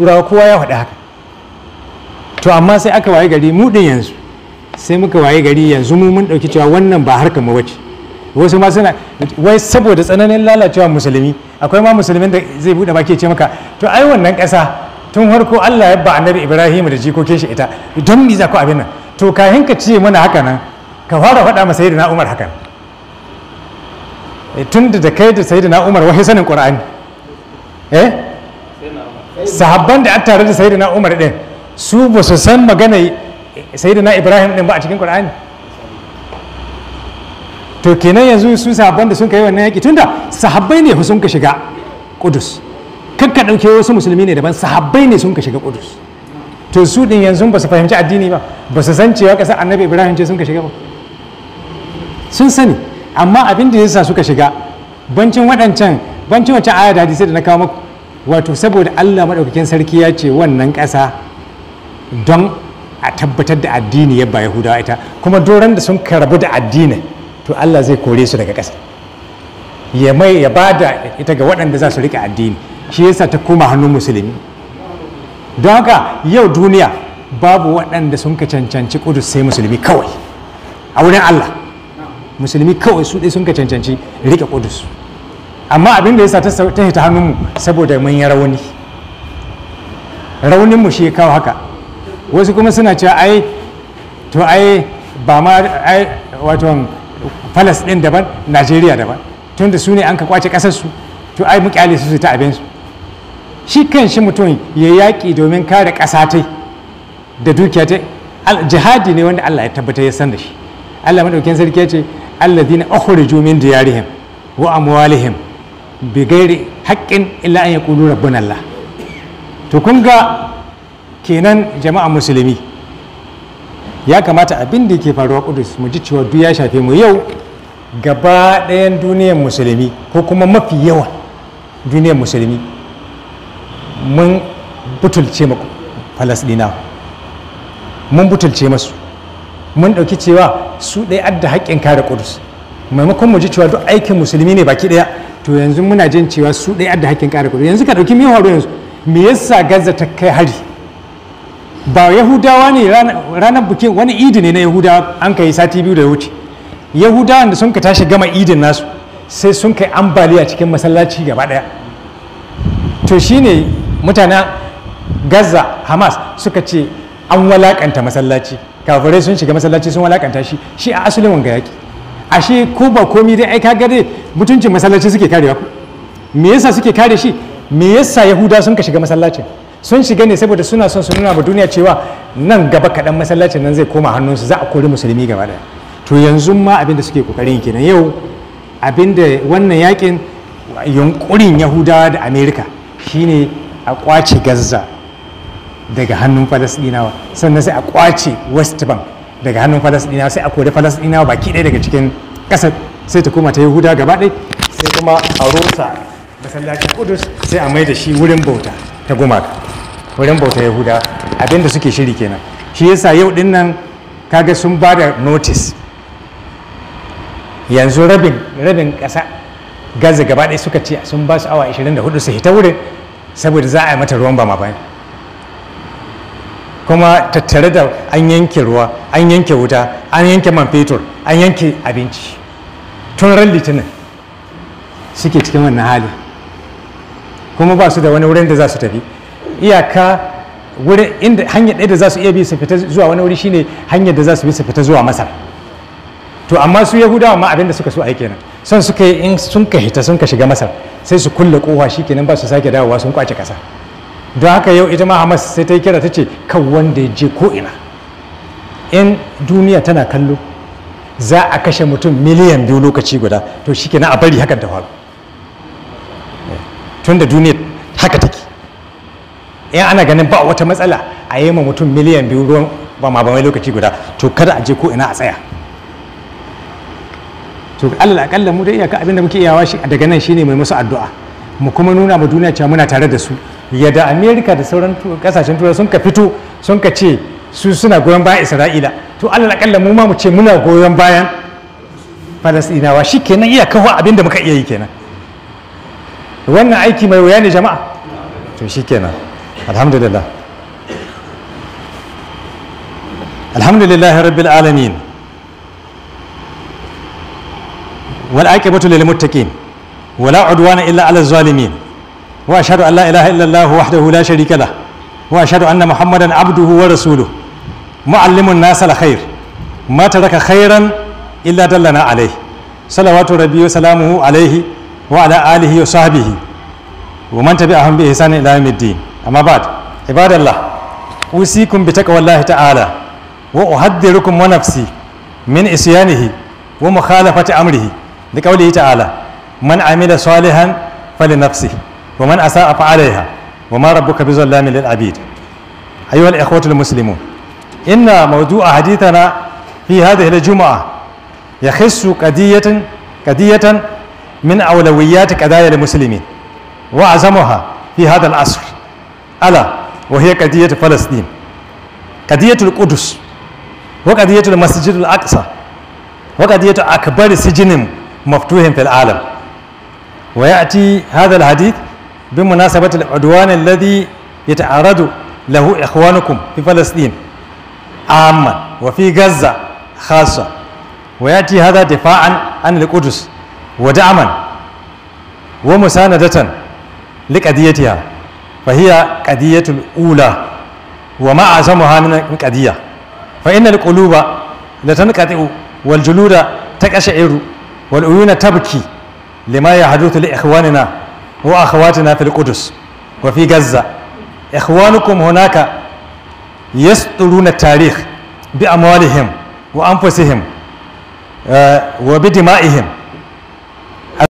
turawa kowa ya faɗi haka to amma sai aka waye gari mu din yanzu sai muka waye gari yanzu mu mun ɗauki cewa wannan ba harkar mu bace wasu ma suna wai saboda tsananin lalacewa musulmi akwai ma musulmin da zai buɗe baki ce maka to ai wannan ƙasa tun farko Allah ya ba annabi Ibrahim da jikokin shi ita don me za ku abin nan to kahin ka ce muna haka nan ka fara faɗa ma sayyidina Umar haka eh, tun da kai da sayyidina Umar wahai sanin Qur'ani eh sahabban da an tare da sayyidina umar din su ba su san magana sayyidina ibrahim din ba a cikin qur'ani to kenan yanzu su sahabban da sun kai wannan yaki tunda sahabbai ne sun ka shiga Qudus kakka dauke wasu musulmi ne daban sahabbai ne sun ka shiga Qudus to su din yanzu ba su fahimci addini ba ba su san cewa kasar annabi ibrahim ce sun ka shiga ba sun sani amma abin da yasa suka shiga bancin waɗancan bancin wacce aya da hadisai da na kawo maku wato saboda allah maɗaukakin sarki ya ce wannan ƙasa don a tabbatar da addini ya ba yahudawa ita kuma doron da sun karabu da addini to allah zai kore su daga ƙasa ya mai ya ba da ita ga waɗanda za su riƙe addini shi yasa ta koma hannun musulmi don haka yau duniya babu waɗanda sun ka cancanci kudus sai musulmi kawai a wurin allah musulmi kawai su ɗai sun ka cancanci riƙe kudus amma abin da ya sa ta ta hannunmu saboda mun yi rauni rauninmu shi ya kawo haka wasu kuma suna cewa ai to ai ba ma ai wato falas din daban najeriya daban tunda su ne an ka kwace ƙasarsu, to ai mu kyale su ta abinsu shi kan shi mutum ya yaƙi domin kare ƙasa da dukiya ta jihadi ne wanda Allah ya tabbata ya san da shi Allah madaukin sarki ya ce alladhina ukhriju min diyarihim wa amwalihim bigairi haƙƙin illa an ƙudu rabbin Allah to kun ga kenan jama'a musulmi ya kamata abin da ke faruwa kudus mu ji cewa duk ya shafe mu yau gaba ɗayan duniyar musulmi ko kuma mafi yawa duniyar musulmi mun butulce maku falasdina mun butulce masu mun ɗauki cewa su ɗaya adda haƙƙin kare kudus maimakon mu ji cewa duk aikin musulmi ne baki ɗaya to yanzu muna jin cewa su ɗaya da hakkin ƙara kuɗi yanzu ka ɗauki mai horo yanzu me yasa gaza ta kai hari ba yahudawa ne ranar bikin wani idi ne na yahudawa an kai sati biyu da wuce yahudawan da sun ka tashi gama idin nasu sai sun kai ambaliya cikin masallaci gaba ɗaya to shine mutanen gaza hamas suka ce an walakanta masallaci kafirai sun shiga masallaci sun walakanta shi shi a asalin wanga yaki ashe ko ba komi dai ai ka gare mutuncin masallaci suke karewa ku me yasa suke kare shi me yasa yahuda sun ka shiga masallacin sun shiga ne saboda suna son su nuna ba duniya cewa nan gaba kaɗan masallacin nan zai koma hannunsu za a kori musulmi gaba ɗaya to yanzu ma abin da suke kokarin kenan yau abin da wannan yakin yunkurin yahudawa da amerika shine a kwace gaza daga hannun falasɗinawa sannan sai a kwace west bank daga hannun falasɗinawa sai a kori falasɗinawa baki ɗaya daga cikin ƙasar sai ta koma ta yahuda gaba ɗai sai kuma a rusa masallacin kudus sai a mai da shi wurin bauta ta gumaka wurin bauta yahuda abinda suke shiri kenan shi yasa yau din nan kaga sun ba da notice yanzu rabin rabin ƙasa gaza gaba ɗaya suka ce sun ba su awa 24 su hita wurin saboda za a yi mata ruwan ba ma bayan kuma tattare da an yanke ruwa an yanke wuta an yanke man fetur an yanke abinci tun ran litinin suke cikin wannan hali kuma ba su da wani wurin da za su tafi iyaka wurin inda hanyar ɗaya da za su iya bi su fita zuwa wani wuri shine hanyar da za su bi su fita zuwa masar to amma su yahudawa ma abinda suka so a kenan son suka yi in sun ka hita sun ka shiga masar sai su kulle kowa shi kenan ba su sake dawowa sun kwace kasa don haka yau ita ma hamas sai ta yi kira ta ce kan wanda ya je ko ina in duniya tana kallo za a kashe mutum miliyan biyu lokaci guda to shi kenan a bari hakan ta faru eh, tun da duniya haka take in ana ganin ba wata matsala a yi ma mutum miliyan biyu ruwan ba ma ba mai lokaci guda to kada a je ko ina a tsaya to allah akalla mu da iyaka abin da muke iyawa shi daga nan shine mai musu addu'a mu kuma nuna ma duniya cewa muna tare da su yadda Amerika da sauran kasashen turai sun ka fito sun ka ce su suna goyon bayan isra'ila to allah akalla mu ma mu ce muna goyon bayan falasɗinawa shi kenan iya kawo abin da muka iya yi kenan wannan aiki mai wuya ne jama'a to shi kenan alhamdulillah alhamdulillah rabbil alamin wal aqibatu lil muttaqin wala udwana illa ala zalimin wa ashhadu an la ilaha illa allah wahdahu la sharika lahu واشهد Muhammadan محمدا عبده ورسوله mu'allimun nasa alkhair ma raka khairan illa dallana alaihi salawatu rabbi salamuhu alaihi wa ala alihi wa sahbihi wa man tabi'ahum bi ihsan ila yawmiddin amma ba'd ibadallah usikum bi taqwallahi ta'ala wa uhaddirukum wa nafsi min isyanihi wa mukhalafati amrihi da qawlihi ta'ala man amila salihan fali nafsi wa man asa'a fa alaiha wa ma rabbuka bi zallamin lil abid ayyuhal ikhwatul muslimun إن موضوع حديثنا في هذه الجمعة يخص قضية قضية من أولويات قضايا المسلمين وأعظمها في هذا العصر ألا وهي قضية فلسطين قضية القدس وقضية المسجد الأقصى وقضية أكبر سجن مفتوح في العالم ويأتي هذا الحديث بمناسبة العدوان الذي يتعرض له إخوانكم في فلسطين amman wa fi gaza khasa wa hada difa'an an al-qudus wa da'aman wa musanadatan li qadiyatiha fa hiya qadiyatul ula wa ma azamuha min fa inna al-quluba la tanqati'u wal juluda taqashairu wal uyuna tabki lima yahduthu li ikhwanina wa akhawatina fil qudus wa fi gaza ikhwanukum hunaka يسطرون التاريخ بأموالهم وأنفسهم آه، وبدمائهم